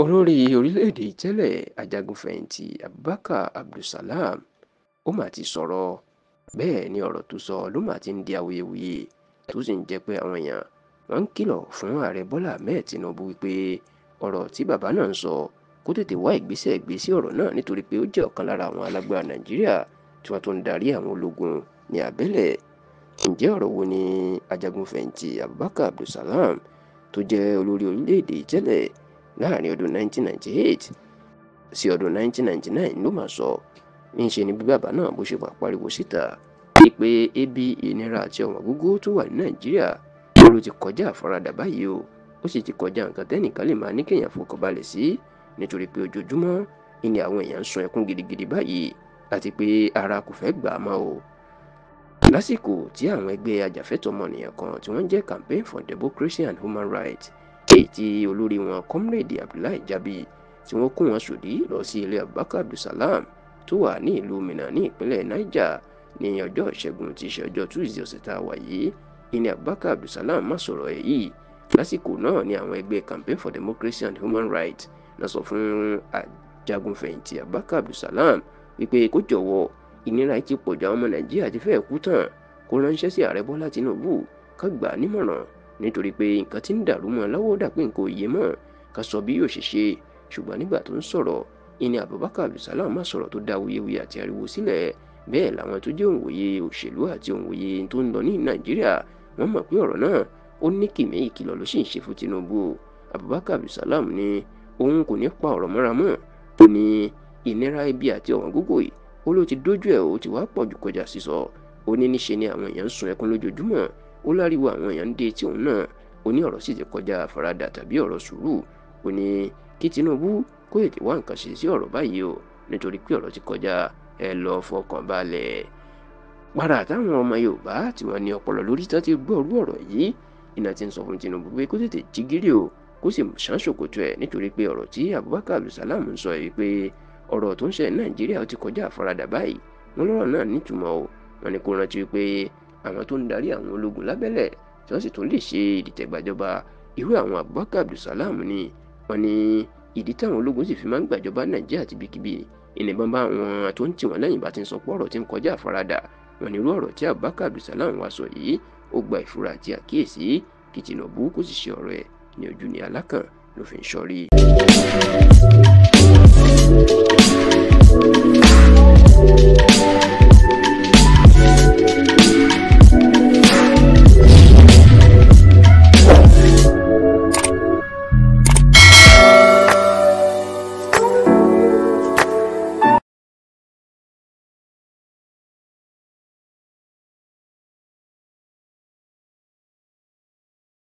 olórí orílẹ̀-èdè yìí tẹ́lẹ̀ ajagun-fẹ̀yìntì abubakar abdulsalam ó mà ti sọ̀rọ̀ bẹ́ẹ̀ ni ọ̀rọ̀ tó sọ ló mà ti ń di awuyewuye tó sì ń jẹ́ pé àwọn èèyàn wọ́n ń kìlọ̀ fún ààrẹ bọ́lá ahmed tinubu wípé ọ̀rọ̀ tí bàbá náà ń sọ kó tètè wá ìgbésẹ̀ gbé sí ọ̀rọ̀ náà nítorí pé ó jẹ́ ọ̀kan lára àwọn alágbára nàìjíríà tí wọ́n tún ń darí àwọn ológun ní abẹ́lẹ̀ ǹjẹ́ ọ̀rọ̀ wo ni ajagun abubakar abdulsalam tó jẹ́ olórí orílẹ̀-èdè tẹ́lẹ̀ láàrin ọdún 1998 sí ọdún 1999 ló mà sọ níṣe ni bí bàbá náà bó ṣe wà pariwo síta pé ebi ìnira àti ọ̀wọ́n gógó tó wà ní nàìjíríà ló ti kọjá àfaradà báyìí o ó sì ti kọjá nǹkan tẹ́nìkan lè máa ní kéèyàn fọkànbalẹ̀ sí nítorí pé ojoojúmọ́ ni àwọn èèyàn ń sun ẹkún gidigidi báyìí àti pé ara kò fẹ́ gbà á mọ́ o lásìkò tí àwọn ẹgbẹ́ ajàfẹ́tọ̀ọ́ kan tí wọ́n jẹ́ campaign for democracy and human rights lẹ́yìn tí olórí wọn comrade abdullahi jabi tí wọ́n kó wọn sòdí lọ sí ilé abubakar abdulsalam tó wà ní ìlú minna ní ìpínlẹ̀ niger ní ọjọ́ ìṣẹ́gun tí í ṣe ọjọ́ tuesday ọ̀sẹ̀ tá a wà yìí ìní abubakar abdulsalam má sọ̀rọ̀ ẹ̀ yìí lásìkò náà ni àwọn ẹgbẹ́ campaign for democracy and human rights náà sọ fún ajagunfẹ̀yìntì abubakar abdulsalam wípé kó jọ̀wọ́ ìnira ti pọ̀jù àwọn ọmọ nàìjíríà ti fẹ́ẹ̀ kú tán kó ránṣẹ́ sí ààrẹ bọ́lá tinubu ká gbà á nímọ̀ràn nítorí pé nǹkan tí ń dàrú mọ́ lọ́wọ́ dà pé nǹkan ò yé mọ́ ká sọ bí yóò ṣe ṣe ṣùgbọ́n nígbà tó ń sọ̀rọ̀ ìní Abubakar Abdulsalam má sọ̀rọ̀ tó dá wuyewuye àti ariwo sílẹ̀ bẹ́ẹ̀ làwọn tó jẹ́ òǹwòye òṣèlú àti òǹwòye tó ń lọ ní Nàìjíríà wọ́n mọ̀ pé ọ̀rọ̀ náà ó ní kìmí ìkìlọ̀ ló sì ń ṣe fún Tinubu Abubakar Abdulsalam ni òun kò ní pa ọ̀rọ̀ mọ́ra mọ́ tó ní ìnira ibi àti ọ̀wọ́ngógó yìí ó ló ti dójú ẹ̀ ó ti wá pọ̀jù kọjá sísọ ó ní níṣe ni àwọn èèyàn ń sun ẹkún lójoojúmọ́ ó láriwo àwọn èèyàn ń de tí òun náà ó ní ọ̀rọ̀ sì ti kọjá àfaradà tàbí ọ̀rọ̀ sùúrù ó ní kí Tinubu kó ètè wá nǹkan ṣe sí ọ̀rọ̀ báyìí o nítorí pé ọ̀rọ̀ ti kọjá ẹ lọ fọkàn balẹ̀ para àtàwọn ọmọ Yorùbá tí wọ́n ní ọpọlọ lórí tán ti gbọ́ orú ọ̀rọ̀ yìí iná ti ń sọ fún Tinubu pé kó tètè jí gírí o kó sì sàn ṣòkòtò ẹ̀ nítorí pé ọ̀rọ̀ tí Abubakar Abdulsalam ń sọ yìí pé ọ̀rọ̀ tó ń ṣe Nàìjíríà ó ti kọjá àfaradà báyìí wọn lọ́rọ̀ náà nítumọ̀ o wọ́n ní kó rántí pé àwọn tó ń darí àwọn ológun lábẹ́lẹ̀ tí wọ́n sì tún lè ṣe ìdìtẹ̀gbàjọba irú àwọn Abubakar Abdulsalam ni wọ́n ní ìdí táwọn ológun sì fi máa ń gbàjọba Nàìjíríà ti bíkíbi ìnìbọn bá wọn tó ń tì wọ́n lẹ́yìn bá ti ń sọ pọ́rọ̀ tí ń kọjá àfaradà wọn ní irú ọ̀rọ̀ tí Abubakar Abdulsalam wá sọ yìí ó gba ìfura àti àkíyèsí kí Tinubu sì ṣe ọ̀rọ̀ ẹ̀ ní ojú ní alákàn ló fi ń ṣọrí.